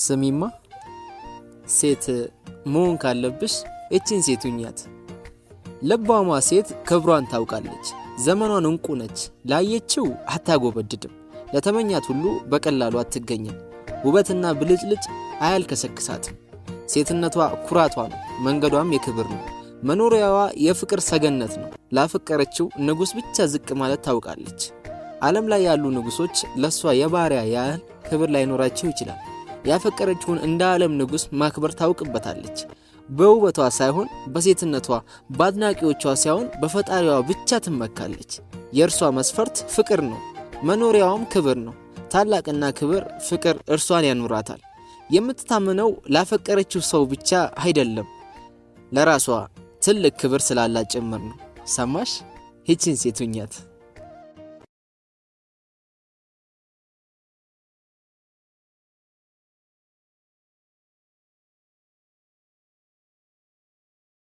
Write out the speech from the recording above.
ስሚማ ሴት መሆን ካለብሽ እቺን ሴት ሁኛት። ለባማ ሴት ክብሯን ታውቃለች፣ ዘመኗን እንቁ ነች። ላየችው አታጎበድድም፣ ለተመኛት ሁሉ በቀላሉ አትገኝም። ውበትና ብልጭልጭ አያልከሰክሳትም። ሴትነቷ ኩራቷ ነው፣ መንገዷም የክብር ነው። መኖሪያዋ የፍቅር ሰገነት ነው። ላፈቀረችው ንጉሥ ብቻ ዝቅ ማለት ታውቃለች። ዓለም ላይ ያሉ ንጉሶች ለእሷ የባሪያ ያህል ክብር ላይኖራቸው ይችላል። ያፈቀረችውን እንደ ዓለም ንጉሥ ማክበር ታውቅበታለች። በውበቷ ሳይሆን በሴትነቷ፣ በአድናቂዎቿ ሳይሆን በፈጣሪዋ ብቻ ትመካለች። የእርሷ መስፈርት ፍቅር ነው። መኖሪያዋም ክብር ነው። ታላቅና ክብር ፍቅር እርሷን ያኖራታል። የምትታመነው ላፈቀረችው ሰው ብቻ አይደለም፣ ለራሷ ትልቅ ክብር ስላላት ጭምር ነው። ሰማሽ? ይችን ሴቱኛት